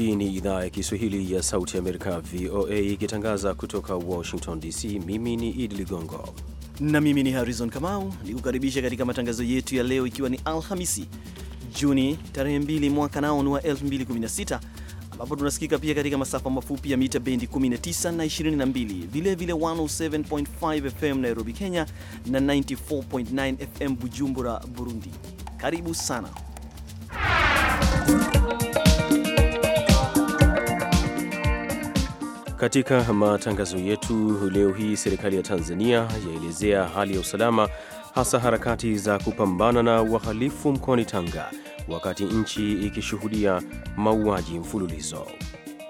Hii ni idhaa ya Kiswahili ya Sauti Amerika, VOA, ikitangaza kutoka Washington DC. Mimi ni Idi Ligongo na mimi ni Harrison Kamau, nikukaribisha katika matangazo yetu ya leo, ikiwa ni Alhamisi Juni tarehe 2 mwaka ni wa 2016 ambapo tunasikika pia katika masafa mafupi ya mita bendi 19 na 22, vilevile 107.5 FM Nairobi, Kenya na 94.9 FM Bujumbura, Burundi. Karibu sana Katika matangazo yetu leo hii, serikali ya Tanzania yaelezea hali ya usalama, hasa harakati za kupambana na wahalifu mkoani Tanga, wakati nchi ikishuhudia mauaji mfululizo.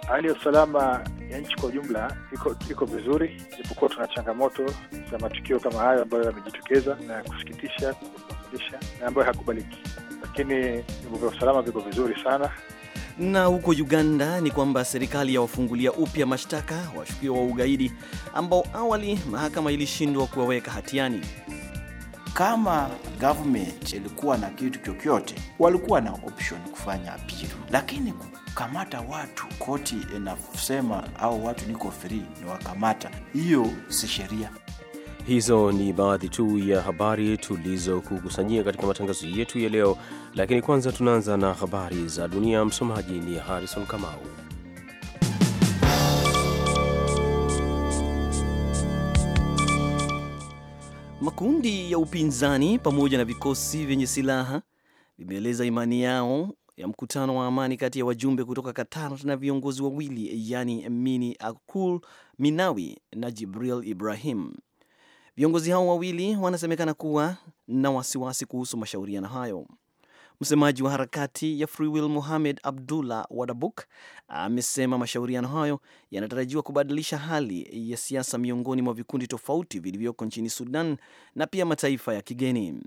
Hali ya usalama ya nchi kwa ujumla iko iko vizuri, japokuwa tuna changamoto za matukio kama hayo ambayo yamejitokeza na kusikitisha, kusikitisha na ambayo hakubaliki, lakini vyombo vya usalama viko vizuri sana. Na huko Uganda ni kwamba serikali yawafungulia upya mashtaka washukiwa wa ugaidi ambao awali mahakama ilishindwa kuwaweka hatiani. Kama government ilikuwa na kitu chochote, walikuwa na option kufanya appeal, lakini kukamata watu, koti inasema au watu niko free, ni wakamata, hiyo si sheria. Hizo ni baadhi tu ya habari tulizokukusanyia katika matangazo yetu ya leo, lakini kwanza tunaanza na habari za dunia. Msomaji ni Harrison Kamau. Makundi ya upinzani pamoja na vikosi vyenye silaha vimeeleza imani yao ya mkutano wa amani kati ya wajumbe kutoka Qatar na viongozi wawili, yani mini Akul Minawi na Jibril Ibrahim. Viongozi hao wawili wanasemekana kuwa na wasiwasi kuhusu mashauriano hayo. Msemaji wa harakati ya Free Will Mohamed Abdullah Wadabuk amesema mashauriano hayo yanatarajiwa kubadilisha hali ya siasa miongoni mwa vikundi tofauti vilivyoko nchini Sudan na pia mataifa ya kigeni.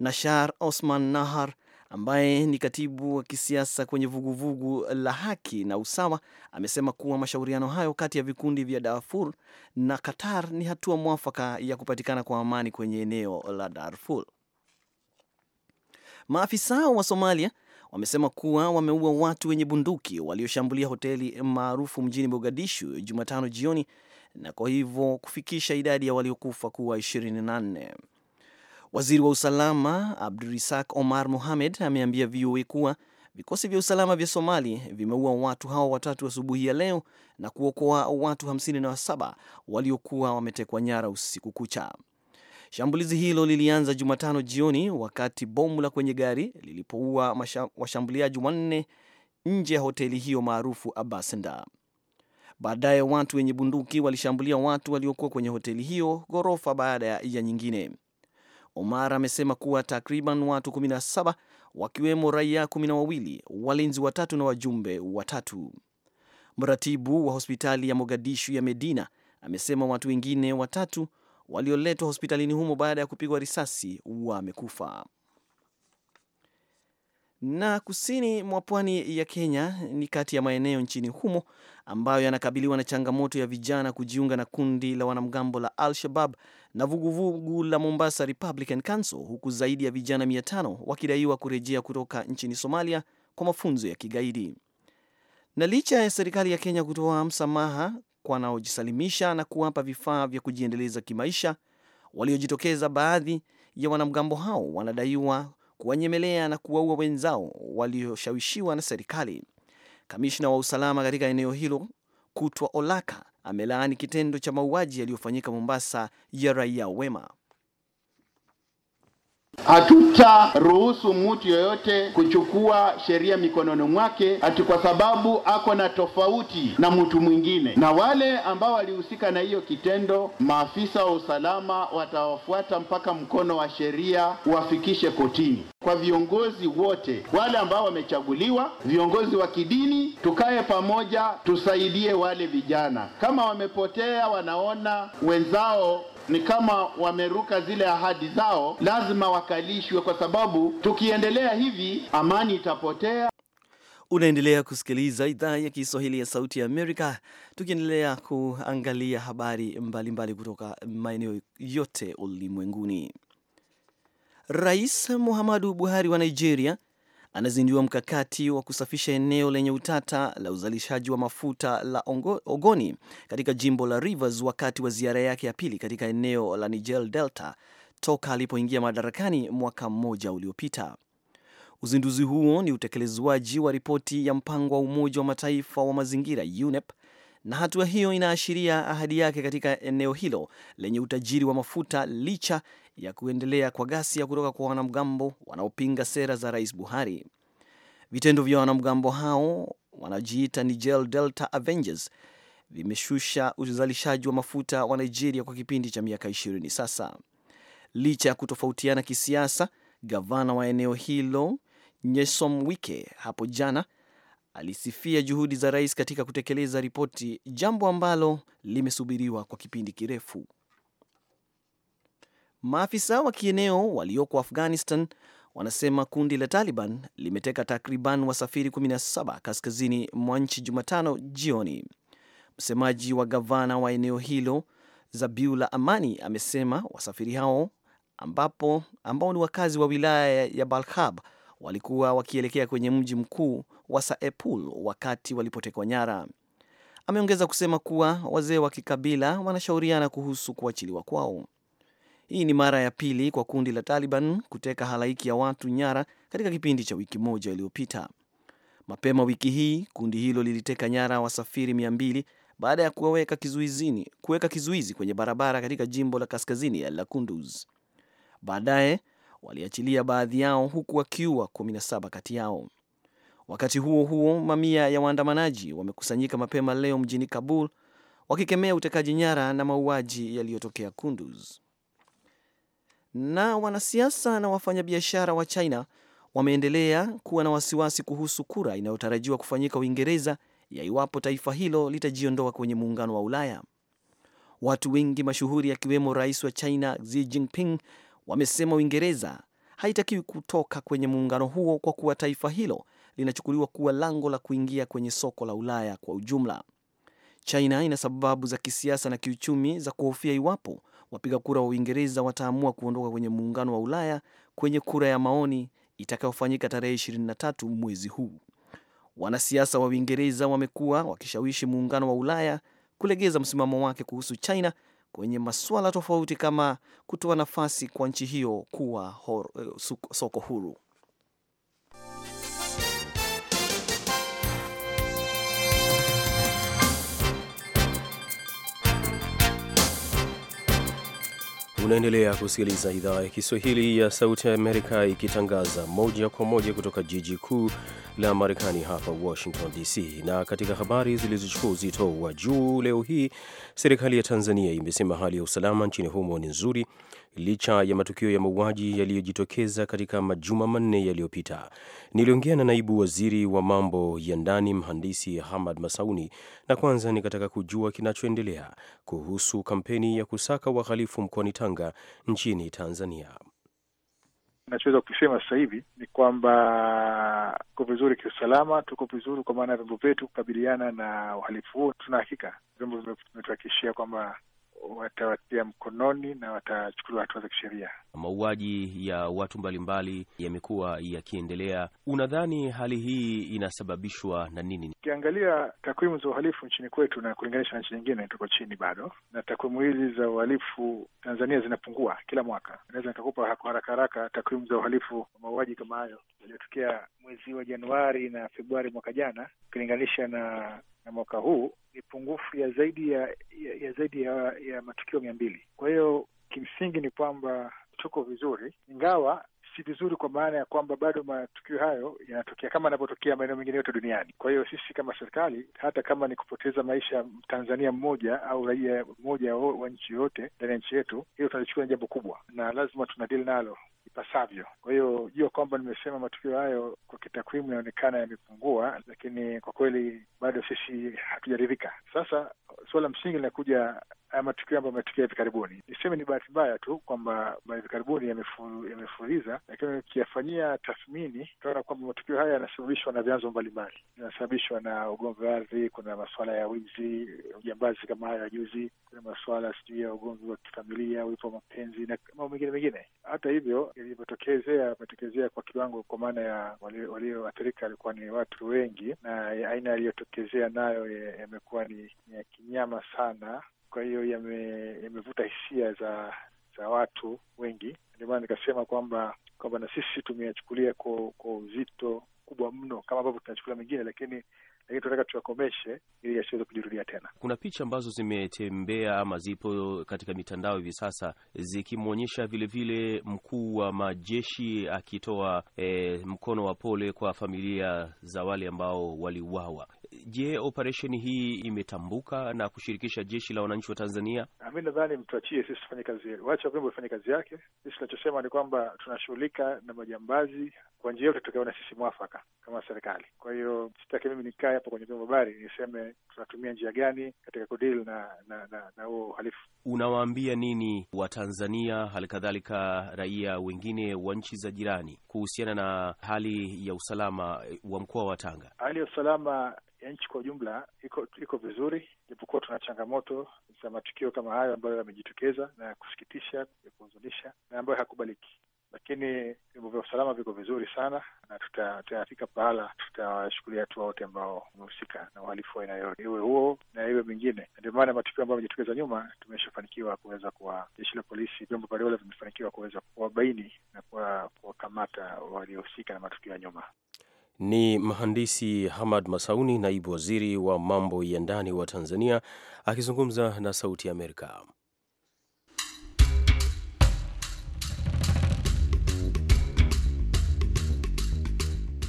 Nashar Osman Nahar ambaye ni katibu wa kisiasa kwenye vuguvugu vugu la haki na usawa, amesema kuwa mashauriano hayo kati ya vikundi vya Darfur na Qatar ni hatua mwafaka ya kupatikana kwa amani kwenye eneo la Darfur. Maafisa wa Somalia wamesema kuwa wameua watu wenye bunduki walioshambulia hoteli maarufu mjini Mogadishu Jumatano jioni na kwa hivyo kufikisha idadi ya waliokufa kuwa Waziri wa usalama Abdurisak Omar Mohamed ameambia VOA kuwa vikosi vya usalama vya Somali vimeua watu hao watatu asubuhi wa ya leo na kuokoa watu 57 waliokuwa wametekwa nyara usiku kucha. Shambulizi hilo lilianza Jumatano jioni wakati bomu la kwenye gari lilipoua washambuliaji wanne nje ya hoteli hiyo maarufu Abasenda. Baadaye watu wenye bunduki walishambulia watu waliokuwa kwenye hoteli hiyo ghorofa baada ya nyingine. Omar amesema kuwa takriban watu 17 wakiwemo raia kumi na wawili, walinzi watatu na wajumbe watatu. Mratibu wa hospitali ya Mogadishu ya Medina amesema watu wengine watatu walioletwa hospitalini humo baada ya kupigwa risasi wamekufa. Na kusini mwa pwani ya Kenya ni kati ya maeneo nchini humo ambayo yanakabiliwa na changamoto ya vijana kujiunga na kundi la wanamgambo la Al Shabab na vuguvugu la Mombasa Republican Council, huku zaidi ya vijana 500 wakidaiwa kurejea kutoka nchini Somalia kwa mafunzo ya kigaidi. Na licha ya serikali ya Kenya kutoa msamaha kwa wanaojisalimisha na kuwapa vifaa vya kujiendeleza kimaisha waliojitokeza, baadhi ya wanamgambo hao wanadaiwa kuwanyemelea na kuwaua wenzao walioshawishiwa na serikali. Kamishna wa usalama katika eneo hilo Kutwa Olaka amelaani kitendo cha mauaji yaliyofanyika Mombasa ya raia wema. Hatutaruhusu mtu yoyote kuchukua sheria mikononi mwake ati kwa sababu ako na tofauti na mtu mwingine. Na wale ambao walihusika na hiyo kitendo, maafisa wa usalama watawafuata mpaka mkono wa sheria uwafikishe kotini. Kwa viongozi wote wale ambao wamechaguliwa, viongozi wa kidini, tukae pamoja, tusaidie wale vijana. Kama wamepotea, wanaona wenzao ni kama wameruka zile ahadi zao, lazima wakalishwe, kwa sababu tukiendelea hivi amani itapotea. Unaendelea kusikiliza idhaa ya Kiswahili ya Sauti ya Amerika, tukiendelea kuangalia habari mbalimbali mbali kutoka maeneo yote ulimwenguni. Rais Muhammadu Buhari wa Nigeria anazindua mkakati wa kusafisha eneo lenye utata la uzalishaji wa mafuta la Ongo, Ogoni katika jimbo la Rivers wakati wa ziara yake ya pili katika eneo la Niger Delta toka alipoingia madarakani mwaka mmoja uliopita. Uzinduzi huo ni utekelezwaji wa ripoti ya mpango wa Umoja wa Mataifa wa mazingira UNEP na hatua hiyo inaashiria ahadi yake katika eneo hilo lenye utajiri wa mafuta licha ya kuendelea kwa ghasia kutoka kwa wanamgambo wanaopinga sera za Rais Buhari. Vitendo vya wanamgambo hao wanajiita Niger Delta Avengers vimeshusha uzalishaji wa mafuta wa Nigeria kwa kipindi cha miaka ishirini sasa. Licha ya kutofautiana kisiasa, gavana wa eneo hilo Nyesom Wike hapo jana alisifia juhudi za rais katika kutekeleza ripoti, jambo ambalo limesubiriwa kwa kipindi kirefu. Maafisa wa kieneo walioko Afghanistan wanasema kundi la Taliban limeteka takriban wasafiri 17 kaskazini mwa nchi Jumatano jioni. Msemaji wa gavana wa eneo hilo Zabiula Amani amesema wasafiri hao ambapo ambao ni wakazi wa wilaya ya Balkhab walikuwa wakielekea kwenye mji mkuu wa Saepul wakati walipotekwa nyara. Ameongeza kusema kuwa wazee wa kikabila wanashauriana kuhusu kuachiliwa kwao. Hii ni mara ya pili kwa kundi la Taliban kuteka halaiki ya watu nyara katika kipindi cha wiki moja iliyopita. Mapema wiki hii kundi hilo liliteka nyara wasafiri mia mbili baada ya kuweka kizuizini kuweka kizuizi kwenye barabara katika jimbo la kaskazini la Kunduz. Baadaye waliachilia baadhi yao huku wakiua 17 kati yao. Wakati huo huo, mamia ya waandamanaji wamekusanyika mapema leo mjini Kabul wakikemea utekaji nyara na mauaji yaliyotokea Kunduz. Na wanasiasa na wafanyabiashara wa China wameendelea kuwa na wasiwasi kuhusu kura inayotarajiwa kufanyika Uingereza ya iwapo taifa hilo litajiondoa kwenye muungano wa Ulaya. Watu wengi mashuhuri akiwemo rais wa China Xi Jinping wamesema Uingereza haitakiwi kutoka kwenye muungano huo kwa kuwa taifa hilo linachukuliwa kuwa lango la kuingia kwenye soko la Ulaya kwa ujumla. China ina sababu za kisiasa na kiuchumi za kuhofia iwapo wapiga kura wa Uingereza wataamua kuondoka kwenye muungano wa Ulaya kwenye kura ya maoni itakayofanyika tarehe 23 mwezi huu. Wanasiasa wa Uingereza wamekuwa wakishawishi muungano wa Ulaya kulegeza msimamo wake kuhusu China kwenye masuala tofauti kama kutoa nafasi kwa nchi hiyo kuwa eh, soko huru. Unaendelea kusikiliza idhaa ya Kiswahili ya Sauti ya Amerika ikitangaza moja kwa moja kutoka jiji kuu la Marekani hapa Washington DC. Na katika habari zilizochukua uzito wa juu leo hii, serikali ya Tanzania imesema hali ya usalama nchini humo ni nzuri licha ya matukio ya mauaji yaliyojitokeza katika majuma manne yaliyopita. Niliongea na naibu waziri wa mambo ya ndani mhandisi Hamad Masauni, na kwanza nikataka kujua kinachoendelea kuhusu kampeni ya kusaka wahalifu mkoani Tanga nchini Tanzania. Nachoweza kukisema sasa hivi ni kwamba tuko vizuri kiusalama, tuko vizuri kwa maana ya vyombo vyetu kukabiliana na uhalifu huo. Tuna hakika vyombo vimetuhakikishia kwamba watawatia mkononi na watachukuliwa hatua za kisheria. Mauaji ya watu mbalimbali yamekuwa yakiendelea. Unadhani hali hii inasababishwa na nini? Ukiangalia takwimu za uhalifu nchini kwetu na kulinganisha na nchi nyingine, tuko chini bado, na takwimu hizi za uhalifu Tanzania zinapungua kila mwaka naweza nikakupa kwa haraka haraka takwimu za uhalifu wa mauaji kama hayo yaliyotokea mwezi wa Januari na Februari mwaka jana, ukilinganisha na na mwaka huu ni pungufu ya zaidi ya, ya, ya zaidi ya, ya matukio mia mbili. Kwa hiyo kimsingi ni kwamba tuko vizuri, ingawa si vizuri kwa maana ya kwamba bado matukio hayo yanatokea kama yanavyotokea maeneo mengine yote duniani. Kwa hiyo sisi kama serikali, hata kama ni kupoteza maisha tanzania mmoja au raia mmoja wa nchi yoyote ndani ya nchi yetu, hiyo tunalichukua ni jambo kubwa na lazima tunadili nalo ipasavyo. Kwa hiyo jua kwamba nimesema matukio hayo kwa kitakwimu inaonekana yamepungua, lakini kwa kweli bado sisi hatujaridhika. Sasa suala msingi linakuja haya matukio ambayo ametokea hivi karibuni. Niseme ni bahati mbaya tu kwamba hivi karibuni ya, lakini ukiyafanyia tathmini utaona kwamba matukio haya yanasababishwa na vyanzo mbalimbali, yanasababishwa na ugomvi wa ardhi, kuna masuala ya wizi, ujambazi kama hayo ya juzi, kuna masuala sijui ya ugomvi wa kifamilia, wipo wa mapenzi na mambo mengine mengine. Hata hivyo, ilivyotokezea ametokezea kwa kiwango, kwa maana ya walioathirika walikuwa ni watu wengi, na aina yaliyotokezea nayo yamekuwa ni ya kinyama sana kwa hiyo yamevuta yame hisia za za watu wengi, ndio maana nikasema kwamba kwamba na sisi tumeyachukulia kwa uzito kubwa mno kama ambavyo tunachukulia mengine, lakini lakini tunataka tuyakomeshe ili yasiweze kujirudia tena. Kuna picha ambazo zimetembea ama zipo katika mitandao hivi sasa zikimwonyesha vilevile mkuu wa majeshi akitoa e, mkono wa pole kwa familia za wale ambao waliuawa. Je, operesheni hii imetambuka na kushirikisha jeshi la wananchi wa Tanzania? Mi nadhani mtuachie sisi tufanye kazi yetu, wacha vyombo vifanye kazi yake. Sisi tunachosema ni kwamba tunashughulika na majambazi kwa njia yote tutakaona sisi mwafaka kama serikali. Kwa hiyo sitaki mimi nikae hapo kwenye vyombo habari niseme tunatumia njia gani katika kudili na na na, na huo uhalifu. Unawaambia nini Watanzania, hali kadhalika raia wengine wa nchi za jirani kuhusiana na hali ya usalama wa mkoa wa Tanga? Hali ya usalama ya nchi kwa ujumla iko iko vizuri, japokuwa tuna changamoto za matukio kama hayo ambayo yamejitokeza na ya kusikitisha, ya kuhuzunisha na ambayo hakubaliki, lakini vyombo vya usalama viko vizuri sana na tutafika pahala, tutawashughulia hatua wote ambao wamehusika na uhalifu wa aina yoyote, iwe huo na iwe mingine. Ndio maana matukio ambayo yamejitokeza nyuma tumeshafanikiwa kuweza kuwa, jeshi la polisi, vyombo mbalimbali vimefanikiwa kuweza kuwabaini na kuwakamata waliohusika na matukio ya nyuma. Ni mhandisi Hamad Masauni, naibu waziri wa mambo ya ndani wa Tanzania, akizungumza na Sauti ya Amerika.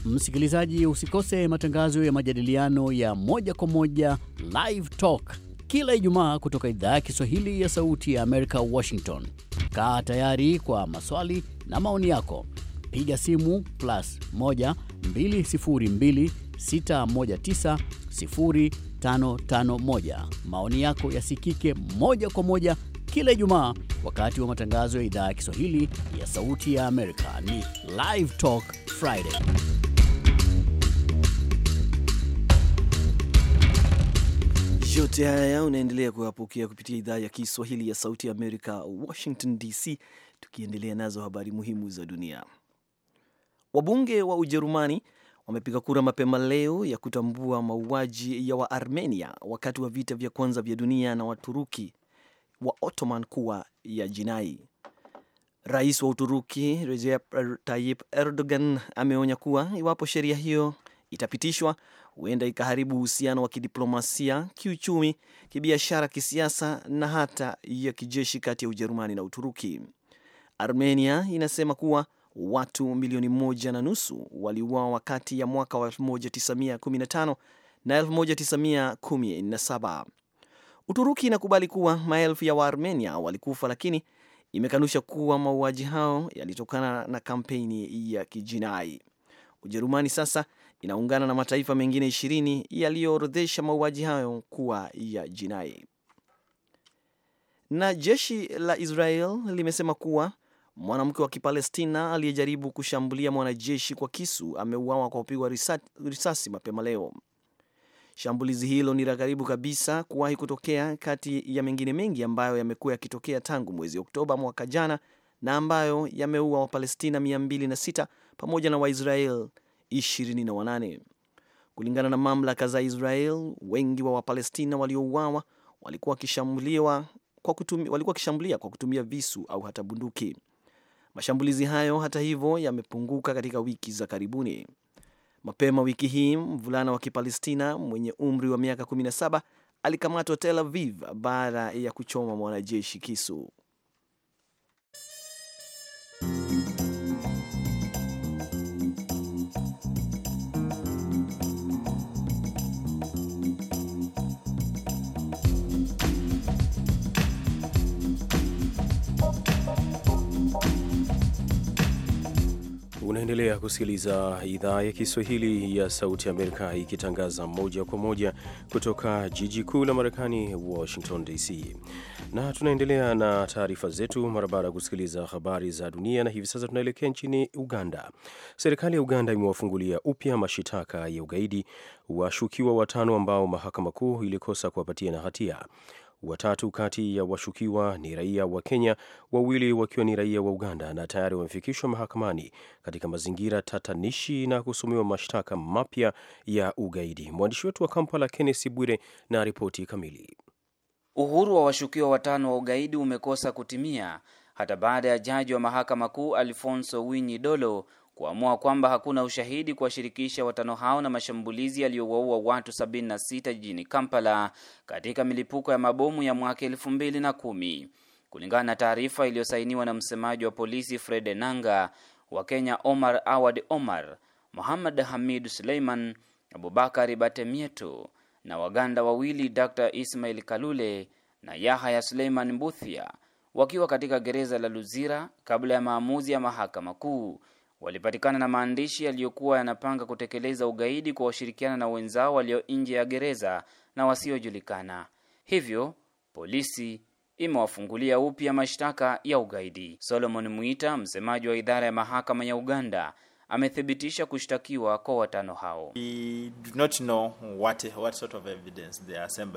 Msikilizaji, usikose matangazo ya majadiliano ya moja kwa moja, Live Talk, kila Ijumaa kutoka idhaa ya Kiswahili ya Sauti ya Amerika, Washington. Kaa tayari kwa maswali na maoni yako piga simu plus 1 Maoni yako yasikike moja kwa moja kila Ijumaa wakati wa matangazo ya idhaa ya Kiswahili ya Sauti ya Amerika. Ni Live Talk Friday. Yote haya unaendelea kuwapokea kupitia idhaa ya Kiswahili ya Sauti ya Amerika, Washington DC, tukiendelea nazo habari muhimu za dunia. Wabunge wa Ujerumani wamepiga kura mapema leo ya kutambua mauaji ya Waarmenia wakati wa vita vya kwanza vya dunia na Waturuki wa Ottoman kuwa ya jinai. Rais wa Uturuki Recep Tayyip Erdogan ameonya kuwa iwapo sheria hiyo itapitishwa huenda ikaharibu uhusiano wa kidiplomasia, kiuchumi, kibiashara, kisiasa na hata ya kijeshi kati ya Ujerumani na Uturuki. Armenia inasema kuwa watu milioni moja na nusu waliuawa kati ya mwaka wa 1915 na 1917. Uturuki inakubali kuwa maelfu ya Waarmenia walikufa, lakini imekanusha kuwa mauaji hao yalitokana na kampeni ya kijinai. Ujerumani sasa inaungana na mataifa mengine ishirini yaliyoorodhesha mauaji hayo kuwa ya jinai. Na jeshi la Israel limesema kuwa Mwanamke wa Kipalestina aliyejaribu kushambulia mwanajeshi kwa kisu ameuawa kwa kupigwa risasi mapema leo. Shambulizi hilo ni la karibu kabisa kuwahi kutokea kati ya mengine mengi ambayo yamekuwa yakitokea tangu mwezi Oktoba mwaka jana na ambayo yameua Wapalestina 206 pamoja na Waisrael 28 kulingana na mamlaka za Israel. Wengi wa Wapalestina waliouawa walikuwa wakishambulia kwa kutumia visu au hata bunduki. Mashambulizi hayo hata hivyo yamepunguka katika wiki za karibuni. Mapema wiki hii mvulana wa Kipalestina mwenye umri wa miaka 17 alikamatwa Tel Aviv baada ya kuchoma mwanajeshi kisu. Unaendelea kusikiliza idhaa ya Kiswahili ya Sauti ya Amerika ikitangaza moja kwa moja kutoka jiji kuu la Marekani, Washington DC, na tunaendelea na taarifa zetu mara baada ya kusikiliza habari za dunia. Na hivi sasa tunaelekea nchini Uganda. Serikali ya Uganda imewafungulia upya mashitaka ya ugaidi washukiwa watano ambao mahakama kuu ilikosa kuwapatia na hatia. Watatu kati ya washukiwa ni raia wa Kenya, wawili wakiwa ni raia wa Uganda na tayari wamefikishwa mahakamani katika mazingira tatanishi na kusomewa mashtaka mapya ya ugaidi. Mwandishi wetu wa Kampala kennesi Bwire na ripoti kamili. Uhuru wa washukiwa watano wa ugaidi umekosa kutimia hata baada ya jaji wa mahakama kuu Alfonso Winyi Dolo kuamua kwamba hakuna ushahidi kuwashirikisha watano hao na mashambulizi yaliyowaua watu 76 jijini Kampala katika milipuko ya mabomu ya mwaka 2010. Kulingana na taarifa iliyosainiwa na msemaji wa polisi Fred Enanga, wa Kenya Omar Awad Omar, Muhammad Hamid Suleiman, abubakar Batemieto na Waganda wawili Dr. Ismail Kalule na Yahaya Suleiman Mbuthia wakiwa katika gereza la Luzira kabla ya maamuzi ya mahakama kuu walipatikana na maandishi yaliyokuwa yanapanga kutekeleza ugaidi kwa washirikiana na wenzao walio nje ya gereza na wasiojulikana. Hivyo polisi imewafungulia upya mashtaka ya ugaidi. Solomon Mwita, msemaji wa idara ya mahakama ya Uganda, amethibitisha kushtakiwa kwa watano hao. Sort of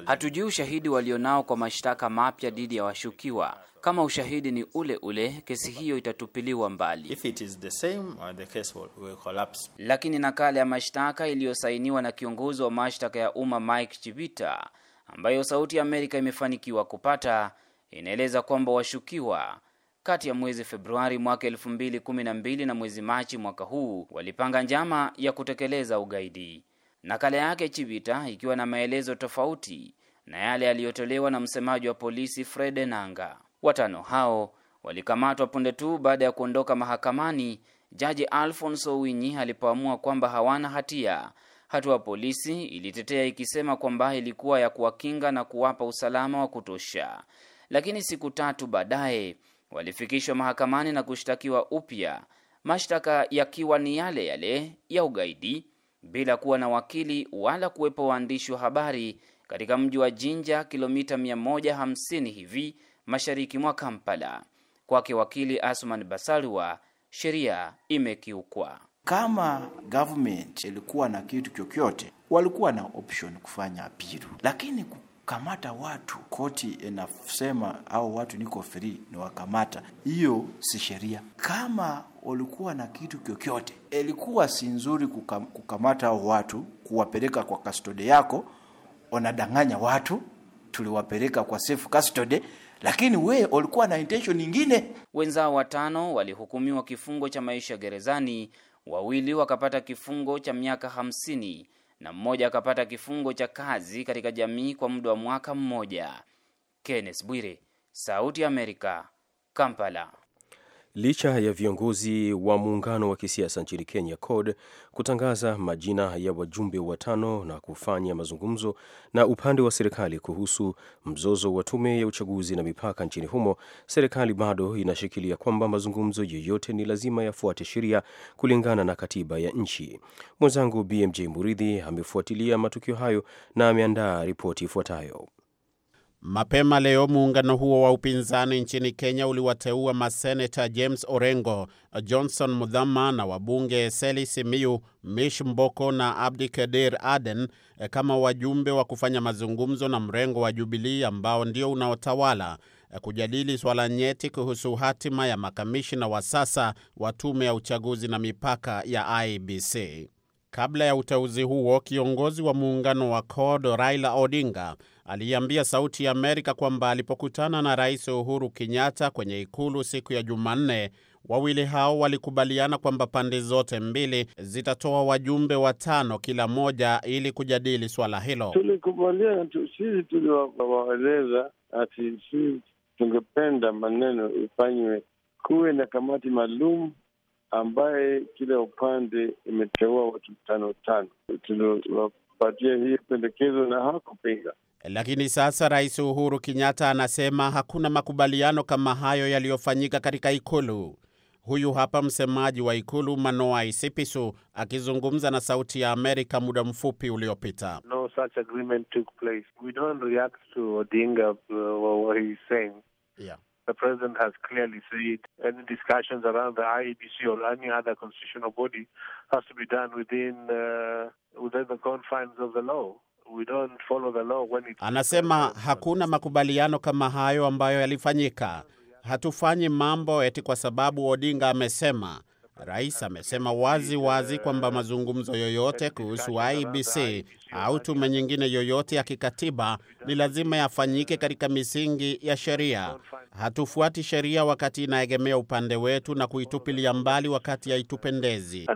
hatujui ushahidi walionao kwa mashtaka mapya dhidi ya washukiwa. Kama ushahidi ni ule ule, kesi hiyo itatupiliwa mbali. If it is the same, uh, the case will, will collapse. Lakini nakala ya mashtaka iliyosainiwa na kiongozi wa mashtaka ya umma Mike Chivita ambayo Sauti ya Amerika imefanikiwa kupata inaeleza kwamba washukiwa kati ya mwezi Februari mwaka 2012 na mwezi Machi mwaka huu walipanga njama ya kutekeleza ugaidi. Nakala yake chivita ikiwa na maelezo tofauti na yale yaliyotolewa na msemaji wa polisi Fred Nanga. Watano hao walikamatwa punde tu baada ya kuondoka mahakamani Jaji Alfonso Winyi alipoamua kwamba hawana hatia. Hatua polisi ilitetea ikisema kwamba ilikuwa ya kuwakinga na kuwapa usalama wa kutosha, lakini siku tatu baadaye walifikishwa mahakamani na kushtakiwa upya, mashtaka yakiwa ni yale yale ya ugaidi, bila kuwa na wakili wala kuwepo waandishi wa habari katika mji wa Jinja, kilomita 150 hivi mashariki mwa Kampala. Kwake wakili Asman Basalwa, sheria imekiukwa. Kama government ilikuwa na kitu chochote, walikuwa na option kufanya apilu, lakini kamata watu, koti inasema au watu niko free ni wakamata. Hiyo si sheria. Kama walikuwa na kitu kyokyote, ilikuwa si nzuri kukam, kukamata au watu kuwapeleka kwa kastode yako. Wanadanganya watu, tuliwapeleka kwa safe custody lakini we walikuwa na intention nyingine. Wenzao watano walihukumiwa kifungo cha maisha gerezani, wawili wakapata kifungo cha miaka hamsini na mmoja akapata kifungo cha kazi katika jamii kwa muda wa mwaka mmoja. Kenneth Bwire, Sauti ya Amerika, Kampala licha ya viongozi wa muungano wa kisiasa nchini Kenya CORD kutangaza majina ya wajumbe watano na kufanya mazungumzo na upande wa serikali kuhusu mzozo wa tume ya uchaguzi na mipaka nchini humo, serikali bado inashikilia kwamba mazungumzo yoyote ni lazima yafuate sheria kulingana na katiba ya nchi. Mwenzangu BMJ Muridhi amefuatilia matukio hayo na ameandaa ripoti ifuatayo. Mapema leo muungano huo wa upinzani nchini Kenya uliwateua maseneta James Orengo, Johnson Mudhama na wabunge Seli Simiu, Mish Mboko na Abdi Kadir Aden kama wajumbe wa kufanya mazungumzo na mrengo wa Jubilii ambao ndio unaotawala kujadili swala nyeti kuhusu hatima ya makamishina wa sasa wa tume ya uchaguzi na mipaka ya IBC. Kabla ya uteuzi huo, kiongozi wa muungano wa CORD Raila Odinga aliambia Sauti ya Amerika kwamba alipokutana na Rais Uhuru Kenyatta kwenye ikulu siku ya Jumanne, wawili hao walikubaliana kwamba pande zote mbili zitatoa wajumbe watano kila moja ili kujadili swala hilo. Tulikubaliana sisi, tuliwaeleza ati sisi tungependa maneno ifanywe, kuwe na kamati maalum ambaye kila upande imeteua watu tano tano. Tuliwapatia hii pendekezo na hawakupinga. Lakini sasa Rais Uhuru Kenyatta anasema hakuna makubaliano kama hayo yaliyofanyika katika Ikulu. Huyu hapa msemaji wa Ikulu Manoa Isipisu akizungumza na Sauti ya Amerika muda mfupi uliopita. No such agreement took place. We don't react to Odinga, uh, what he's saying. Yeah. The president has clearly said any discussions around the IEBC or any other constitutional body has to be done within uh, within the confines of the law. We don't follow the law when it... Anasema hakuna makubaliano kama hayo ambayo yalifanyika. Hatufanyi mambo eti kwa sababu Odinga amesema. Rais amesema wazi wazi kwamba mazungumzo yoyote kuhusu IBC au tume nyingine yoyote ya kikatiba ni lazima yafanyike katika misingi ya sheria. Hatufuati sheria wakati inaegemea upande wetu na kuitupilia mbali wakati haitupendezi.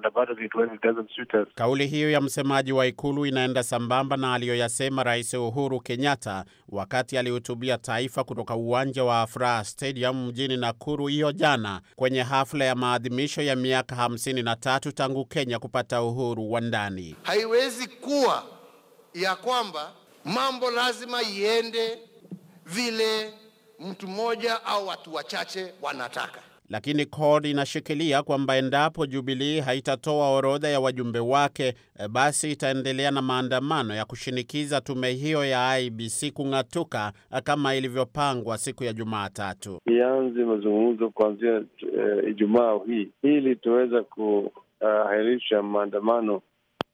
Kauli hiyo ya msemaji wa ikulu inaenda sambamba na aliyoyasema Rais Uhuru Kenyatta wakati alihutubia taifa kutoka uwanja wa Afraha Stadium mjini Nakuru hiyo jana kwenye hafla ya maadhimisho ya miaka 53 tangu Kenya kupata uhuru wa ndani. Haiwezi kuwa ya kwamba mambo lazima iende vile mtu mmoja au watu wachache wanataka. Lakini CORD inashikilia kwamba endapo Jubilee haitatoa orodha ya wajumbe wake, eh, basi itaendelea na maandamano ya kushinikiza tume hiyo ya IBC kung'atuka eh, kama ilivyopangwa siku ya Jumatatu, ianze mazungumzo kuanzia eh, Ijumaa hii ili tuweza kuahirisha maandamano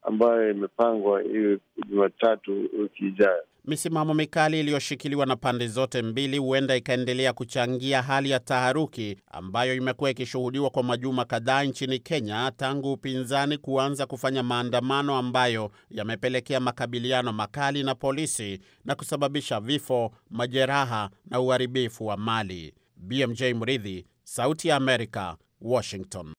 ambayo imepangwa iwe Jumatatu wiki ijayo. Misimamo mikali iliyoshikiliwa na pande zote mbili huenda ikaendelea kuchangia hali ya taharuki ambayo imekuwa ikishuhudiwa kwa majuma kadhaa nchini Kenya tangu upinzani kuanza kufanya maandamano ambayo yamepelekea makabiliano makali na polisi na kusababisha vifo, majeraha na uharibifu wa mali. BMJ Mridhi, Sauti ya Amerika, Washington.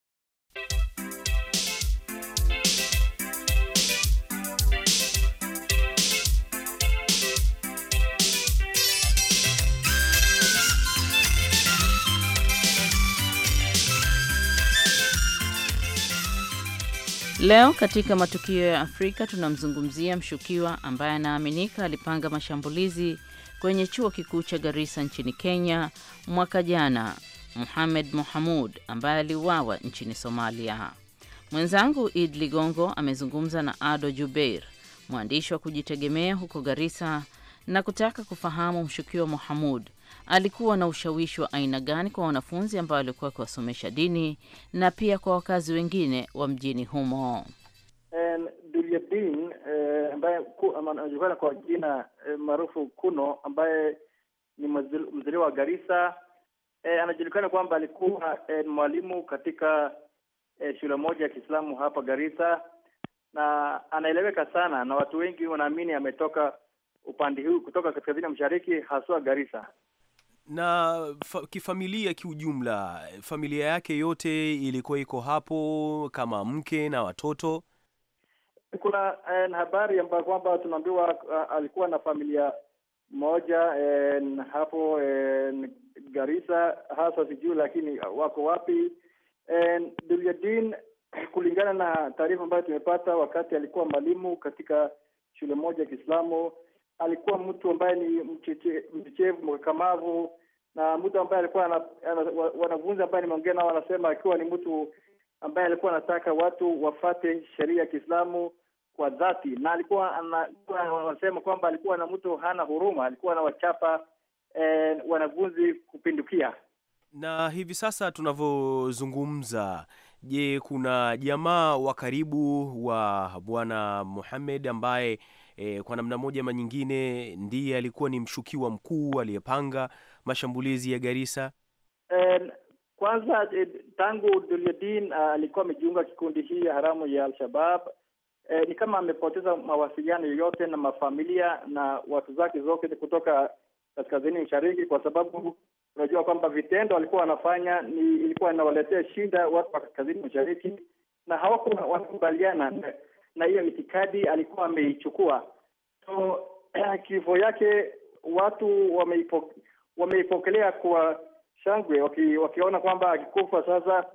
Leo katika matukio ya Afrika tunamzungumzia mshukiwa ambaye anaaminika alipanga mashambulizi kwenye chuo kikuu cha Garissa nchini Kenya mwaka jana, Muhamed Mohamud ambaye aliuawa nchini Somalia. Mwenzangu Id Ligongo amezungumza na Ado Jubeir, mwandishi wa kujitegemea huko Garissa, na kutaka kufahamu mshukiwa Mohamud alikuwa na ushawishi wa aina gani kwa wanafunzi ambao alikuwa akiwasomesha dini na pia kwa wakazi wengine wa mjini humo? Dulyadin eh, ambaye anajulikana kwa jina eh, maarufu Kuno, ambaye ni mzaliwa wa Garissa eh, anajulikana kwamba alikuwa eh, mwalimu katika eh, shule moja ya Kiislamu hapa Garissa, na anaeleweka sana na watu wengi wanaamini ametoka upande huu kutoka kaskazini mashariki, haswa Garissa na fa, kifamilia kiujumla, familia yake yote ilikuwa iko hapo kama mke na watoto. Kuna en, eh, habari ambayo kwamba tunaambiwa eh, alikuwa na familia moja eh, hapo eh, Garissa hasa sijui, lakini wako wapi? Eh, Dulyadin, kulingana na taarifa ambayo tumepata, wakati alikuwa mwalimu katika shule moja ya Kiislamu alikuwa mtu ambaye ni mchechevu, mkakamavu na mtu ambaye alikuwa wanafunzi ambaye nimeongea nao wanasema akiwa ni mtu ambaye alikuwa anataka watu wafate sheria ya Kiislamu kwa dhati, na alikuwa wanasema kwamba alikuwa na mtu hana huruma, alikuwa anawachapa eh, wanafunzi kupindukia. Na hivi sasa tunavyozungumza, je, kuna jamaa wa karibu wa Bwana Muhammad ambaye e, kwa namna moja ama nyingine ndiye alikuwa ni mshukiwa mkuu aliyepanga mashambulizi ya Garissa? Um, kwanza eh, tangu Dulyadin ah, alikuwa amejiunga kikundi hii haramu ya Al-Shabab ni kama amepoteza mawasiliano yoyote na mafamilia na watu zake zote kutoka kaskazini mashariki, kwa sababu unajua kwamba vitendo alikuwa wanafanya ni ilikuwa inawaletea shida watu wa kaskazini mashariki, na hawakuwa wanakubaliana na hiyo itikadi alikuwa ameichukua. So kifo yake watu wameipo, wameipokelea kwa shangwe waki, wakiona kwamba akikufa sasa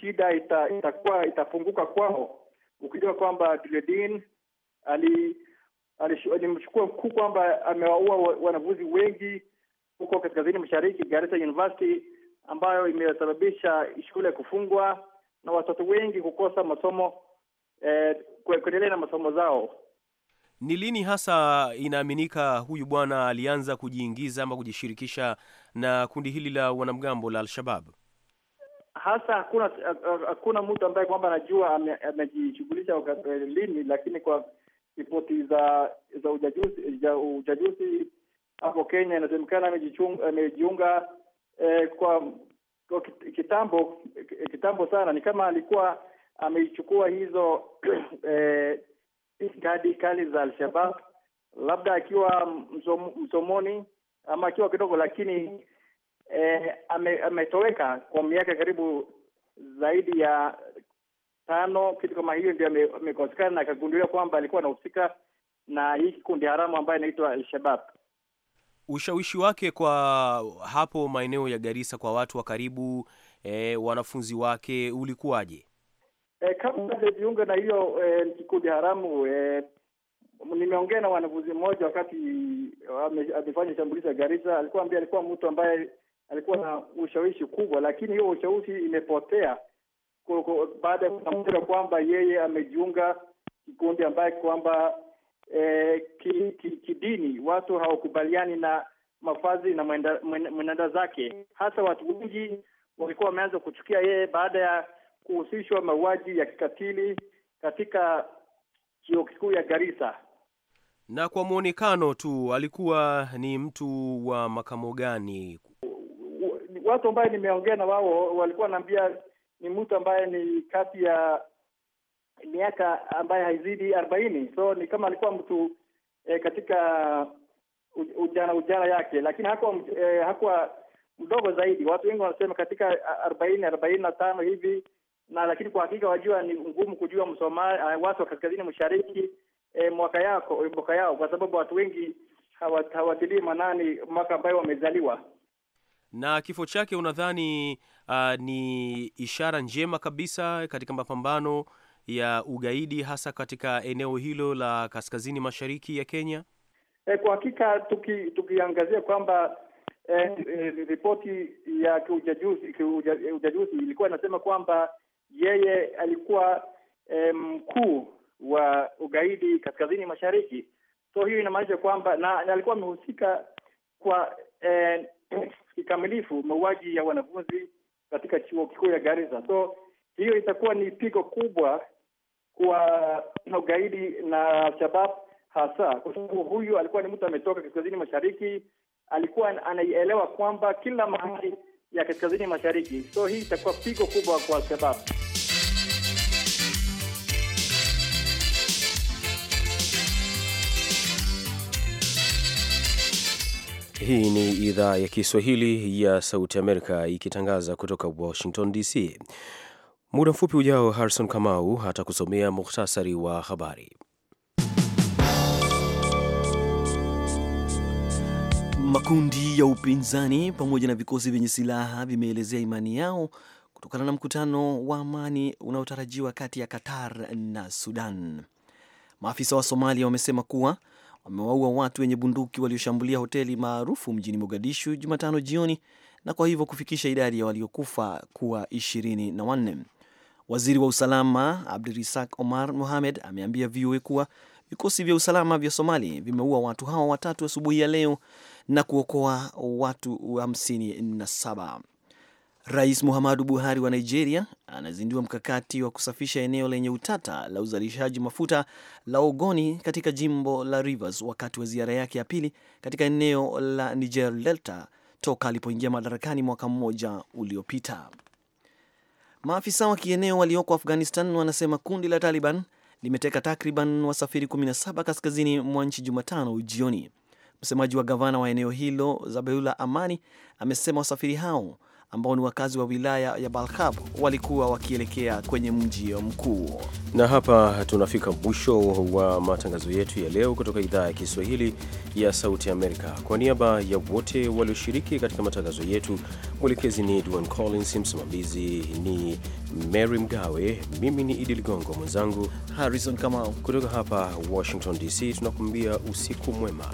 shida ita, itakuwa itafunguka kwao, ukijua kwamba Gideon ali alimchukua mkuu kwamba amewaua wanafunzi wengi huko kaskazini mashariki Garissa University, ambayo imesababisha shule kufungwa na watoto wengi kukosa masomo eh, kuendelea na masomo zao. Ni lini hasa inaaminika huyu bwana alianza kujiingiza ama kujishirikisha na kundi hili la wanamgambo la Al-Shabab? Hasa hakuna hakuna mtu ambaye kwamba anajua amejishughulisha lini, lakini kwa ripoti za za ujajuzi za ujajuzi hapo Kenya inasemekana amejiunga eh, kwa, kwa kitambo kitambo sana, ni kama alikuwa ameichukua hizo eh, itikadi eh, kali za Al-Shabab labda akiwa msom, msomoni ama akiwa kidogo, lakini eh, ame, ametoweka kwa miaka karibu zaidi ya tano, kitu kama hiyo ndio amekosekana, na akagunduliwa kwamba alikuwa anahusika na hii kikundi haramu ambayo inaitwa Al-Shabab. Ushawishi wake kwa hapo maeneo ya Garissa kwa watu wa karibu, eh, wanafunzi wake ulikuwaje? kama eh, kabla hajajiunga na hiyo eh, kikundi haramu eh, nimeongea na wanafunzi mmoja wakati eh, amefanya shambulizi ya Garissa, alikuwa ambia alikuwa mtu ambaye alikuwa na ushawishi kubwa, lakini hiyo ushawishi imepotea baada ya kutambua kwamba yeye amejiunga kikundi ambaye kwamba eh, kidini ki, kidini watu hawakubaliani na mafazi na mwenendo zake, hasa watu wengi walikuwa wameanza kuchukia yeye baada ya kuhusishwa mauaji ya kikatili katika chuo kikuu ya Garissa. Na kwa mwonekano tu alikuwa ni mtu wa makamo gani? Watu ambaye nimeongea na wao walikuwa wanaambia ni mtu ambaye ni kati ya miaka ambaye haizidi arobaini, so ni kama alikuwa mtu e, katika ujana ujana yake, lakini hakuwa e, hakuwa mdogo zaidi. Watu wengi wanasema katika arobaini arobaini na tano hivi na lakini kwa hakika wajua ni ngumu kujua Msomali uh, eh, watu wa kaskazini mashariki eh, mwaka yako mwaka yao, kwa sababu watu wengi hawatilii manani mwaka ambayo wamezaliwa. Na kifo chake unadhani uh, ni ishara njema kabisa katika mapambano ya ugaidi hasa katika eneo hilo la kaskazini mashariki ya Kenya? E, kwa hakika tuki, tukiangazia kwamba e, e, ripoti ya kiujajuzi ilikuwa inasema kwamba yeye alikuwa eh, mkuu wa ugaidi kaskazini mashariki. So hiyo inamaanisha kwamba na, na alikuwa amehusika kwa eh, kikamilifu mauaji ya wanafunzi katika chuo kikuu ya Garissa. So hiyo itakuwa ni pigo kubwa kwa ugaidi na Al-Shabaab hasa kwa sababu huyu alikuwa ni mtu ametoka kaskazini mashariki, alikuwa anaielewa kwamba kila mahali ya kaskazini mashariki. So hii itakuwa pigo kubwa kwa Al-Shabaab. Hii ni idhaa ya Kiswahili ya Sauti Amerika ikitangaza kutoka Washington DC. Muda mfupi ujao, Harrison Kamau atakusomea muhtasari wa habari. Makundi ya upinzani pamoja na vikosi vyenye silaha vimeelezea imani yao kutokana na mkutano wa amani unaotarajiwa kati ya Qatar na Sudan. Maafisa wa Somalia wamesema kuwa wamewaua watu wenye bunduki walioshambulia hoteli maarufu mjini Mogadishu Jumatano jioni na kwa hivyo kufikisha idadi ya waliokufa kuwa ishirini na wanne. Waziri wa usalama Abdirisak Omar Mohamed ameambia VOA kuwa vikosi vya usalama vya Somali vimeua watu hawa watatu asubuhi wa ya leo na kuokoa watu hamsini na saba. Rais Muhammadu Buhari wa Nigeria anazindua mkakati wa kusafisha eneo lenye utata la uzalishaji mafuta la Ogoni katika jimbo la Rivers wakati wa ziara yake ya pili katika eneo la Niger Delta toka alipoingia madarakani mwaka mmoja uliopita. Maafisa wa kieneo walioko Afghanistan wanasema kundi la Taliban limeteka takriban wasafiri 17 kaskazini mwa nchi Jumatano jioni. Msemaji wa gavana wa eneo hilo Zabeula Amani amesema wasafiri hao ambao ni wakazi wa wilaya ya Balkhab walikuwa wakielekea kwenye mji mkuu. Na hapa tunafika mwisho wa matangazo yetu ya leo kutoka idhaa ya Kiswahili ya Sauti Amerika. Kwa niaba ya wote walioshiriki katika matangazo yetu, mwelekezi ni Dwan Collins, msimamizi ni Mary Mgawe, mimi ni Idi Ligongo, mwenzangu Harrison Kamau kutoka hapa Washington DC, tunakuambia usiku mwema.